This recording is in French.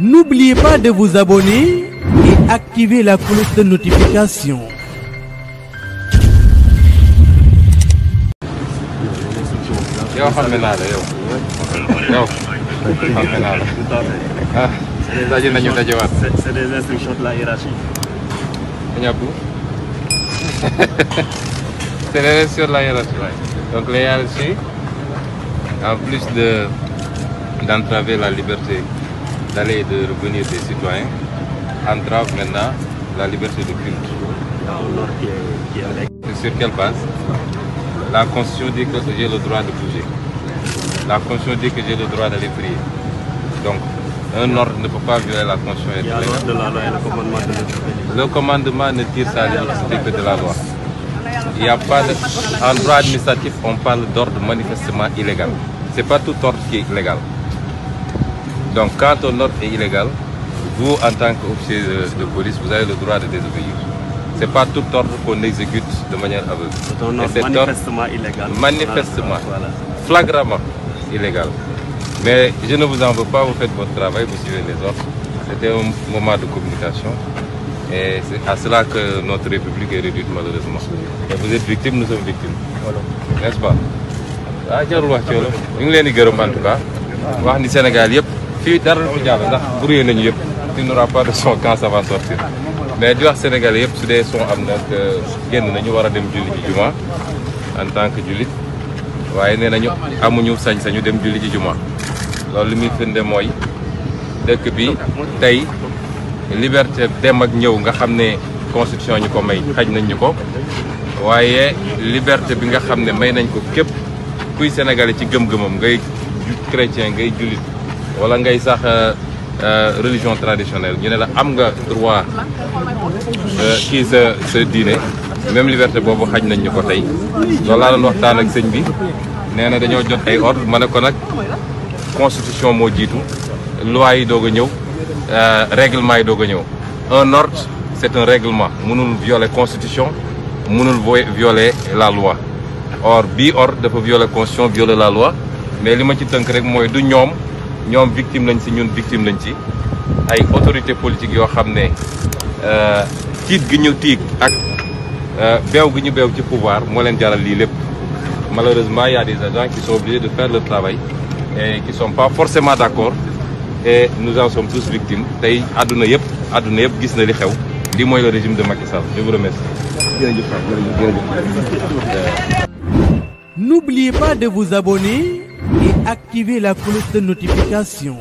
N'oubliez pas de vous abonner et activer la cloche de notification. c'est des instructions de la hiérarchie. c'est des instructions de la hiérarchie donc la hiérarchie en plus de d'entraver la liberté d'aller et de revenir des citoyens entrave maintenant la liberté de culte. Sur quelle base La Constitution dit que j'ai le droit de bouger. La Constitution dit que j'ai le droit d'aller prier. Donc, un ordre ne peut pas violer la Constitution. Et de la loi et le commandement de Le commandement ne tire sa liberté que de la loi. Il n'y a pas En droit administratif, on parle d'ordre manifestement illégal. Ce n'est pas tout ordre qui est illégal. Donc quand ton ordre est illégal, vous en tant qu'officier de, police, vous avez le droit de désobéir. Ce n'est pas tout ordre qu'on exécute de manière aveugle. C'est manifestement illégal. Manifestement, flagramment illégal. Mais je ne vous en veux pas, vous faites votre travail, vous suivez les ordres. C'était un moment de communication. Et c'est à cela que notre République est réduite malheureusement. vous êtes victime, nous sommes victimes. N'est-ce pas ah, fii dara du fi jàll ndax brouillé nañu yëpp il n'aura pas de son quand ça sortir mais di wax Sénégalais yëpp su dee son am nag génn nañu war a dem julli ci juma en tant que jullit waaye nee nañu amuñu sañ-sañu dem julli ci juma loolu li muy firnde mooy dëkk bi tey liberté dem ak ñëw nga xam ne constitution ñu ko may xaj nañ ñu ko waaye liberté bi nga xam ne may nañ ko képp kuy sénégalais ci gëm-gëmam ngay chrétien ngay jullit wala ngay sax euh, euh, religion traditionnelle ñu ne la am nga droit kii euh, sa sa diine même liberté boobu xaj nañ ñu ko tey loolu laa doon waxtaan ak sëñ bi nee na dañoo jot ay ordre ma ne ko nag constitution moo jiitu loi yi doog a ñëw règlement yi doog a ñëw un ordre c'est un règlement mënul violer constitution mënul violer la loi or bii ordre dafa violer constitution violer la loi mais li ma ci tënk rek mooy du ñoom ñoom victime lañ ci ñun victime lañ ci ay autorité politique yoo xam ne euh, tiit gi ñu tiig ak euh, beew gi ñu beew ci pouvoir moo leen jaral lii lépp malheureusement y a des agents qui sont obligés de faire le travail et qui sont pas forcément d'accord et nous en sommes tous victimes tey àdduna yëpp àdduna yëpp gis na li xew li mooy le régime de Macky Sall je vous remercie. N'oubliez pas de vous abonner Activez la cloche de notification